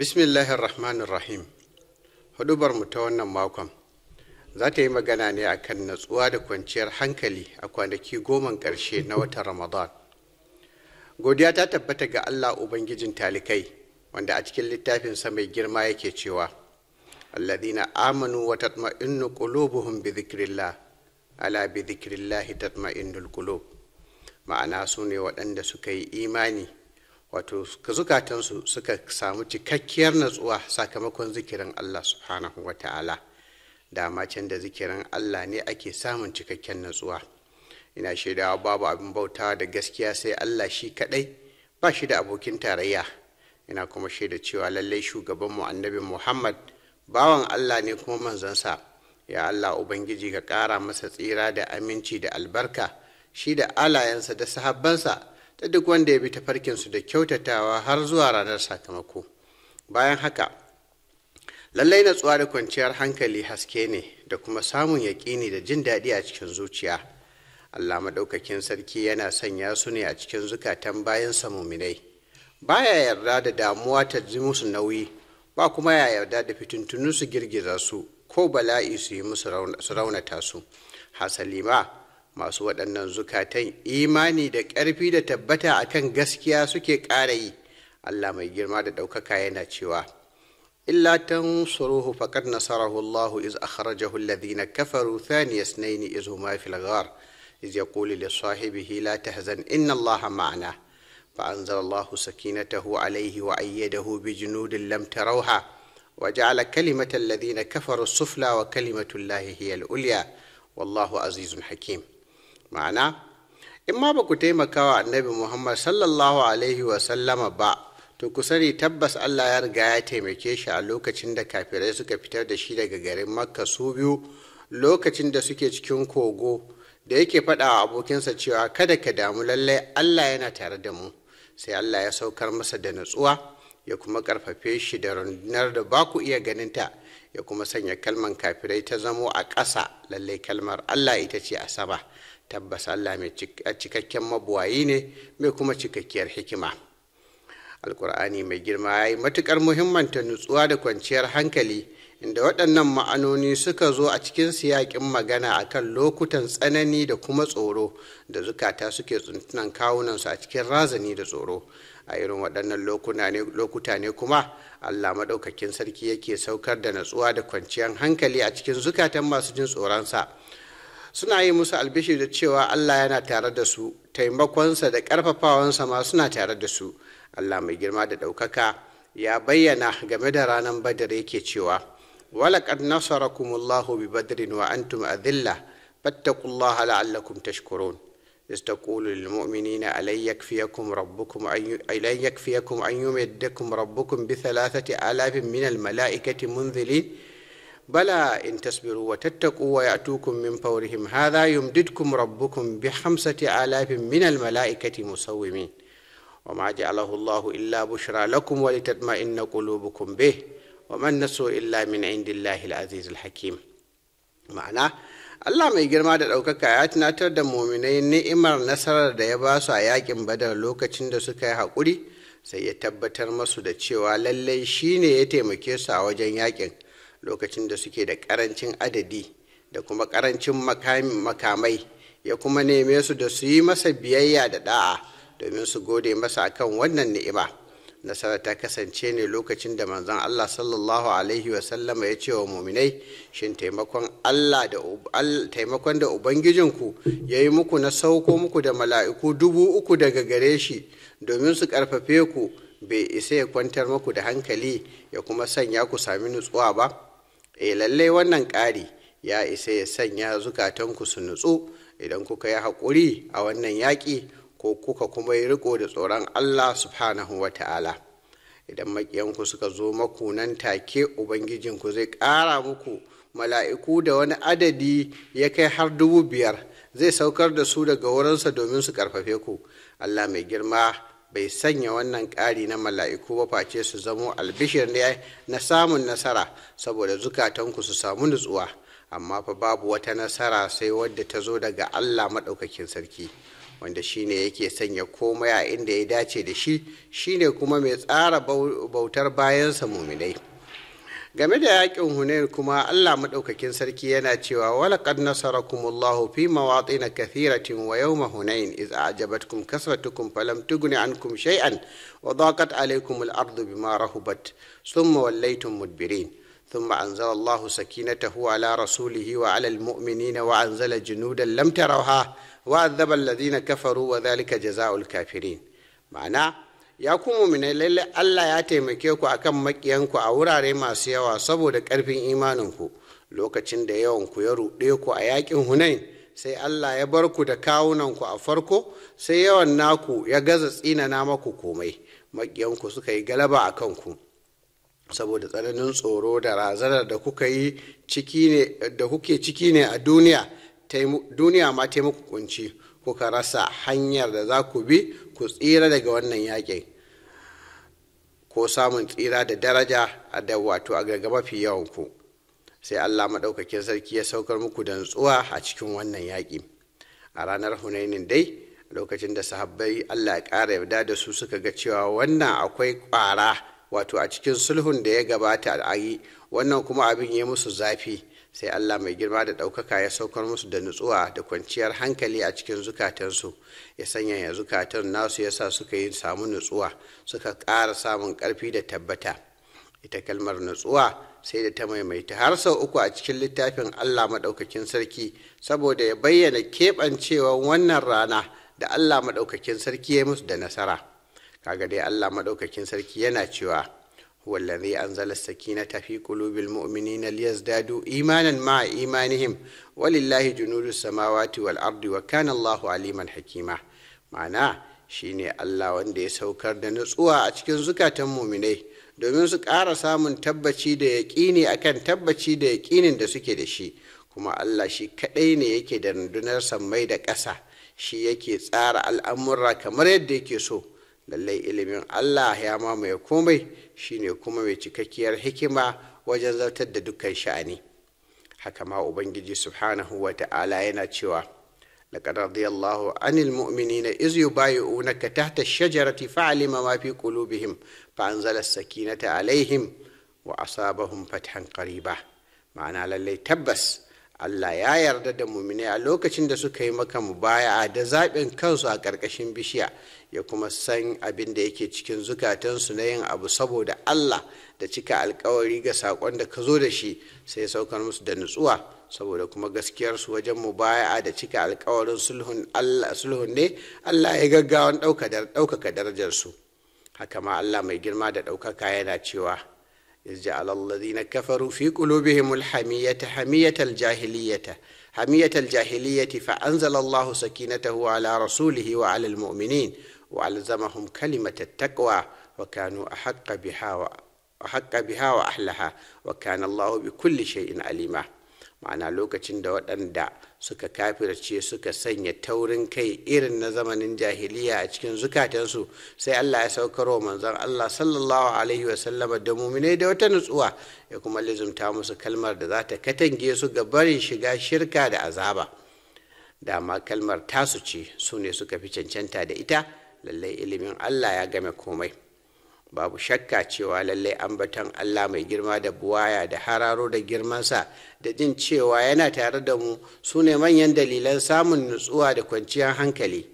bismillahir rahmanir rahim hudubar mu ta wannan makon za ta yi magana ne akan natsuwa da kwanciyar hankali a kwanaki goman ƙarshe na watan ramadan godiya ta tabbata ga allah ubangijin talikai wanda a cikin littafinsa mai girma yake cewa alladina amanu wa tatma'innu qulubuhum bi dhikrillah ala bi dhikrillah tatma'innul qulub ma'ana su ne waɗanda suka yi imani wato zukatansu suka samu cikakkiyar natsuwa sakamakon zikirin Allah subhanahu wa ta'ala dama can da zikirin Allah ne ake samun cikakken natsuwa ina shaidawa babu abin bautawa da gaskiya sai Allah shi kadai ba shi da abokin tarayya ina kuma shaida cewa lallai shugaban mu annabi Muhammad bawan Allah ne kuma manzansa ya Allah ubangiji ka kara masa tsira da aminci da albarka shi da alayensa da sahabbansa ta duk wanda ya bi tafarkinsu da kyautatawa har zuwa ranar sakamako bayan haka lallai natsuwa da kwanciyar hankali haske ne da kuma samun yaƙini da jin daɗi a cikin zuciya allah maɗaukakin sarki yana sanya su ne a cikin zukatan bayan ba ya yarda da damuwa ta ji musu nauyi ba kuma ya yarda da fitintunu su girgiza su ko bala'i su yi musu raunata su hasali ma masu waɗannan zukatan imani da ƙarfi da tabbata akan gaskiya suke ƙara yi Allah mai girma da ɗaukaka yana cewa illa tan suruhu faqad nasarahu Allah iz akhrajahu alladhina kafaru thaniya isnayn iz huma fil ghar iz yaqulu li sahibihi la tahzan inna Allah ma'ana fa anzala Allah sakinatahu alayhi wa ayyadahu bi junudin lam tarawha wa ja'ala kalimata alladhina kafaru sufla wa kalimatu Allah hiya ulya والله عزيز حكيم ma'ana in ma ba ku taimaka wa annabi muhammad sallallahu alaihi wasallama ba to ku sani tabbas allah ya riga ya taimake shi a lokacin da kafirai suka fitar da shi daga garin makka su biyu lokacin da suke cikin kogo da yake faɗa wa abokinsa cewa kada ka damu lallai allah yana tare da mu sai allah ya saukar masa da natsuwa ya kuma karfafe shi da rundunar da ba ku iya ganinta ya kuma sanya kalmar kafirai ta zamo a ƙasa lallai kalmar allah ita ce a sama tabbas allah mai cikakken mabuwayi ne mai kuma cikakkiyar hikima alkur'ani mai girma ya yi matuƙar muhimmanta nutsuwa da kwanciyar hankali inda waɗannan ma'anoni suka zo a cikin siyaƙin magana a kan lokutan tsanani da kuma tsoro da zukata suke tsuntunan kawunansu a cikin razani da tsoro a irin waɗannan lokuta ne kuma allah maɗaukakin sarki yake saukar da natsuwa da kwanciyar hankali a cikin zukatan masu jin tsoronsa suna yi musu albishi da cewa Allah yana tare da su taimakonsa da ƙarfafawansa ma suna tare da su Allah mai girma da ɗaukaka ya bayyana game da ranar badar yake cewa walaƙad nasarakumullahu bi badrin wa antum adilla fattaqullaha la'allakum tashkurun إذ تقول للمؤمنين ألن يكفيكم ربكم أن ألن يكفيكم أن يمدكم ربكم بثلاثة آلاف من الملائكة منزلين بلى إن تصبروا وتتقوا ويأتوكم من فورهم هذا يمددكم ربكم بخمسة آلاف من الملائكة مسومين وما جعله الله إلا بشرى لكم ولتطمئن قلوبكم به وما النصر إلا من عند الله العزيز الحكيم معناه Allah mai girma da ɗaukaka ya tunatar da muminai ni'imar nasarar da ya ba su a yakin badar lokacin da suka yi haƙuri sai ya tabbatar masu da cewa lallai shi ne ya taimake su a wajen yakin lokacin da suke da karancin adadi da kuma karancin makamai ya kuma neme su da su yi masa biyayya da da'a domin su gode masa akan wannan ni'ima nasara ta kasance ne lokacin da manzon Allah sallallahu alaihi wasallama ya ce wa muminai shin taimakon da taimakon da ubangijinku ya yi muku na sauko muku da mala'iku dubu uku daga gare shi domin su karfafe ku bai isa ya kwantar muku da hankali ya kuma sanya ku sami nutsuwa ba e lalle wannan ƙari ya isa ya sanya zukatanku su nutsu idan kuka yi haƙuri a wannan yaƙi ko kuka kuma yi riko da tsoron allah subhanahu wa ta'ala idan maƙiyanku suka zo maku nan take ubangijinku zai ƙara muku mala'iku da wani adadi ya kai har dubu biyar zai saukar da su daga wurinsa domin su ƙarfafe ku allah mai girma bai sanya wannan ƙari na mala'iku ba face su zamo albishir ne na samun nasara saboda zukatanku su samu nutsuwa amma fa babu wata nasara sai wadda ta zo daga allah maɗaukakin sarki wanda shine yake sanya komai a inda ya dace da shi shine kuma mai tsara bautar bayansa muminai. game da yakin hunain kuma allah maɗaukakin sarki yana cewa walaqad nasarakumullahu fi mawatin kathiratin wa yawma hunain iz a'jabatkum kasratukum falam tughni ankum shay'an wa daqat alaykum al-ardu bima rahubat thumma wallaytum mudbirin ثم أنزل الله سكينته على رسوله وعلى المؤمنين وأنزل جنودا لم تروها وعذب kafaru wa وذلك جزاء kafirin معناه ya kuma mine lalle Allah ya taimake ku akan makiyanku a wurare masu yawa saboda ƙarfin imaninku lokacin da yawan ku ya ruɗe ku a yakin hunain sai Allah ya bar ku da kawunanku a farko sai yawan naku ya gaza tsina tsinana maku komai makiyanku suka yi galaba a kanku saboda tsananin tsoro da razanar da kuka yi da kuke ciki ne a duniya duniya ma taimaka kunci kuka rasa hanyar da za ku bi ku tsira daga wannan yakin ko samun tsira da daraja a da wato a garga mafi yawan ku sai Allah maɗaukakin sarki ya saukar muku da nutsuwa a cikin wannan yaƙi a ranar hunainin dai lokacin da sahabbai Allah ya ƙara yarda da su suka ga cewa wannan akwai ƙwara wato a cikin sulhun da ya gabata a yi wannan kuma abin ya musu zafi sai Allah mai girma da ɗaukaka ya saukar musu da nutsuwa da kwanciyar hankali a cikin zukatansu ya sanya ya zukatan nasu yasa suka yi samu nutsuwa suka ƙara samun ƙarfi da tabbata ita kalmar nutsuwa sai da ta maimaita har sau uku a cikin littafin Allah maɗaukakin sarki saboda ya bayyana keɓancewa wannan rana da Allah maɗaukakin sarki ya musu da nasara kaga dai Allah maɗaukakin sarki yana cewa هو na أنزل السكينة في قلوب المؤمنين ليزدادوا إيمانا مع إيمانهم ولله جنود السماوات والأرض وكان الله عليما حكيما معناه shine Allah wanda ya saukar da nutsuwa a cikin zukatan muminai domin su ƙara samun tabbaci da yaƙini akan tabbaci da yaƙinin da suke da shi kuma Allah shi kaɗai ne yake da rundunar sammai da ƙasa shi yake tsara al'amura kamar yadda yake so lallai ilimin Allah ya mamaye komai shine kuma mai cikakkiyar hikima wajen zartar da dukkan sha'ani haka ma ubangiji subhanahu wa ta'ala yana cewa laqad radiyallahu anil mu'minina iz yubayi'unaka tahta ash-shajarati fa'alima ma fi qulubihim fa as-sakinata alaihim wa asabahum fathan qariba ma'ana lallai tabbas Allah ya yarda da mumine a lokacin da suka yi maka mubaya'a da zaɓin kansu a ƙarƙashin bishiya ya kuma san abin da yake cikin zukatansu na yin abu saboda Allah da cika alkawari ga saƙon da ka zo da shi sai saukar musu da nutsuwa saboda kuma gaskiyarsu wajen mubaya'a da cika alkawarin sulhun sulhun ne Allah ya gaggawan ɗaukaka darajarsu haka ma Allah mai girma da ɗaukaka yana cewa إذ جعل الذين كفروا في قلوبهم الحمية حمية الجاهلية حمية الجاهلية فأنزل الله سكينته على رسوله وعلى المؤمنين وألزمهم كلمة التقوى وكانوا أحق بها وأحق بها وأحلها وكان الله بكل شيء عليما ma'ana lokacin da waɗanda suka kafirce suka sanya taurin kai irin na zamanin jahiliya a cikin zukatansu sai Allah ya saukar wa manzon Allah sallallahu alaihi wasallama da muminai da wata nutsuwa ya kuma lizumta musu kalmar da za ta katange su ga barin shiga shirka da azaba dama kalmar tasu ce su ne suka fi cancanta da ita lallai ilimin Allah ya game komai babu shakka cewa lallai an batan Allah mai girma da buwaya da hararo da girmansa da jin cewa yana tare da mu su ne manyan dalilan samun nutsuwa da kwanciyar hankali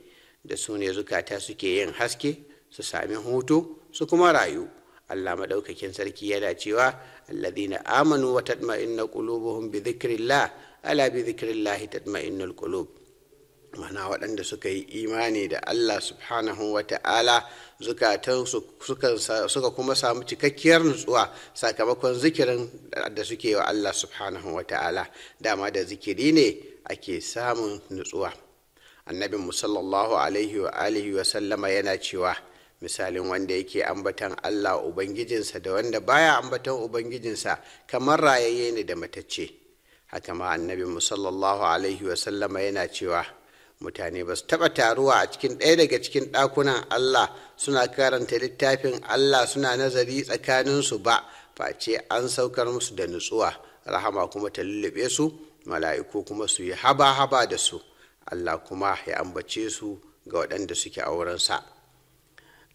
da su ne zukata suke yin haske su sami hutu su kuma rayu Allah maɗaukakin sarki yana cewa alladhina amanu wa tatma'inna qulubuhum bi dhikrillah ala bi dhikrillah tatma'innul qulub mana waɗanda suka yi imani da Allah subhanahu wa ta'ala zukatansu suka kuma samu cikakkiyar nutsuwa sakamakon zikirin da suke wa Allah subhanahu wa ta'ala dama da zikiri ne ake samun nutsuwa annabin musallallahu alaihi wa alihi wa sallama yana cewa misalin wanda yake ambatan Allah ubangijinsa da wanda baya ambatan ubangijinsa kamar rayayye ne da matacce haka ma annabi musallallahu alaihi wa sallama yana cewa mutane ba su taɓa taruwa a cikin ɗaya daga cikin ɗakunan Allah suna karanta littafin Allah suna nazari tsakaninsu ba face an saukar musu da nutsuwa rahama kuma ta lullube su mala'iku kuma su yi haba-haba da su Allah kuma ya ambace su ga waɗanda suke a wurinsa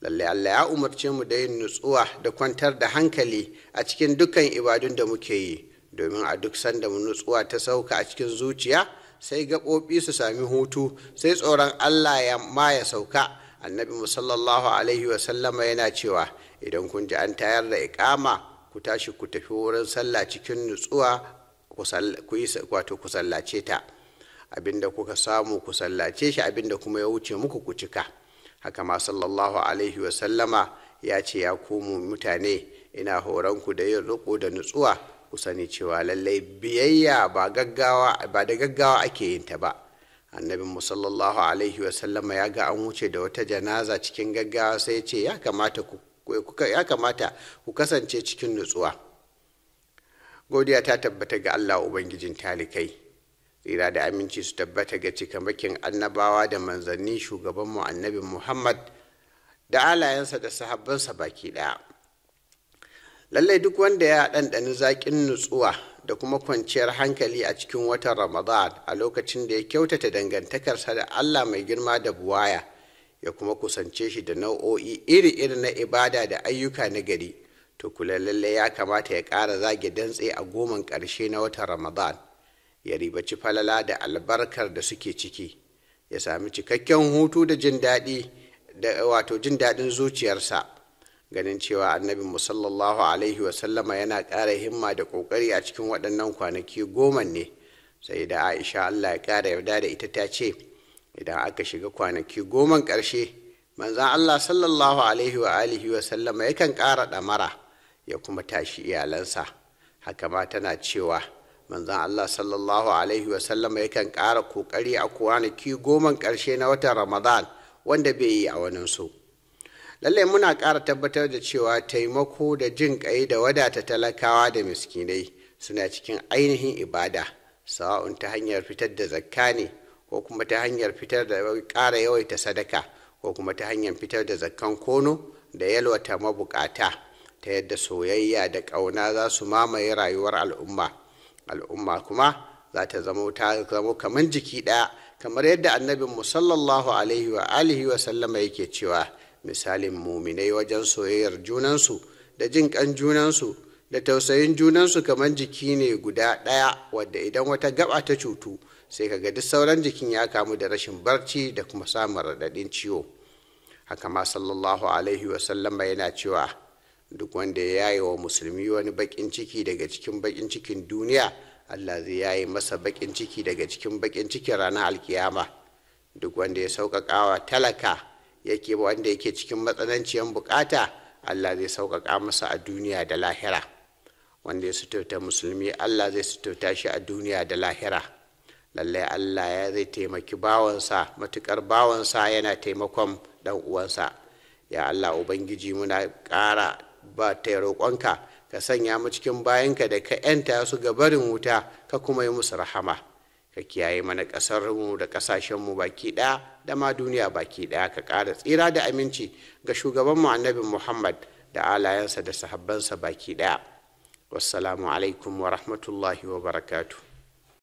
lallai Allah ya umarce mu da yin nutsuwa da kwantar da hankali a cikin dukkan ibadun da muke yi domin a duk sanda mu nutsuwa ta sauka a cikin zuciya sai gaɓoɓi su sami hutu sai tsoron allah ya ma ya sauka annabi musallallahu alaihi wasallama yana cewa idan kun ji an tayar da ikama ku tashi ku tafi wurin sallah cikin nutsuwa wato ku sallace ta abinda kuka samu ku sallace shi abinda kuma ya wuce muku ku cika haka ma sallallahu alaihi wasallama ya ce ya komo mutane ina horonku da yin riko da nutsuwa ku sani cewa lallai biyayya ba gaggawa ba da gaggawa ake yin ta ba annabin musallallahu alaihi wasallama ya ga an wuce da wata janaza cikin gaggawa sai ya ce ya kamata ku kasance cikin nutsuwa godiya ta tabbata ga allah ubangijin talikai tsira da aminci su tabbata ga cikamakin annabawa da manzanni shugabanmu annabi muhammad da alayensa da sahabbansa baki ɗaya lallai duk wanda ya ɗanɗani zaƙin nutsuwa da kuma kwanciyar hankali a cikin watan ramadan a lokacin da ya kyautata dangantakarsa da allah mai girma da buwaya ya kuma kusance shi da nau'o'i iri-iri na ibada da ayyuka na gari to kula lallai ya kamata ya ƙara zage dantse a goman ƙarshe na watan ramadan ya ribaci falala da albarkar da suke ciki ya sami cikakken hutu da jin daɗi da wato jin daɗin zuciyarsa ganin cewa annabi musallallahu alaihi wasallama yana ƙara himma da ƙoƙari a cikin waɗannan kwanaki goma ne sai da aisha allah ya ƙara yarda da ita ta ce idan aka shiga kwanaki goman ƙarshe manzan allah sallallahu alaihi wa alihi wasallama yakan ƙara ɗamara ya kuma tashi iyalansa haka ma tana cewa manzan allah sallallahu alaihi wasallama yakan ƙara ƙoƙari a kwanaki goman ƙarshe na watan ramadan wanda bai yi a waninsu. su lallai muna ƙara tabbatar da cewa taimako da jin ƙai da wadata talakawa da miskinai suna cikin ainihin ibada sawa'un ta hanyar fitar da zakka ne ko kuma ta hanyar fitar da ƙara yawaita sadaka ko kuma ta hanyar fitar da zakkan kono da yalwata mabukata ta yadda soyayya da ƙauna za su mamaye rayuwar al'umma al'umma kuma za ta zamo ta zamo kamar jiki ɗaya kamar yadda annabin mu sallallahu alaihi wa alihi wa sallama yake cewa misalin muminai wajen soyayyar junansu da jin kan junansu da tausayin junansu kamar jiki ne guda ɗaya wadda idan wata gaba ta cutu sai kaga duk sauran jikin ya kamu da rashin barci da kuma samun raɗaɗin ciwo haka ma sallallahu alaihi wasallama yana cewa duk wanda ya yi wa musulmi wani baƙin ciki daga cikin baƙin cikin duniya allah zai yi masa baƙin ciki daga cikin bakin cikin ranar alkiyama duk wanda ya sauƙaƙa wa talaka yake ba wanda yake cikin matsananciyar bukata allah zai sauƙaƙa masa a duniya da lahira wanda ya sutauta musulmi allah zai sutauta shi a duniya da lahira lallai allah ya zai taimaki bawansa matukar bawansa yana taimakon dan uwansa ya allah ubangiji muna ƙara ba ta roƙonka ka sanya mu cikin bayanka da ka 'yanta su barin wuta ka kuma yi musu rahama ka kiyaye mana ƙasarmu da ƙasashenmu baki ɗaya da ma duniya baki ɗaya ka ƙara tsira da aminci ga shugabanmu annabi muhammad da alayensa da sahabbansa baki ɗaya wassalamu alaikum wa rahmatullahi wa barakatuh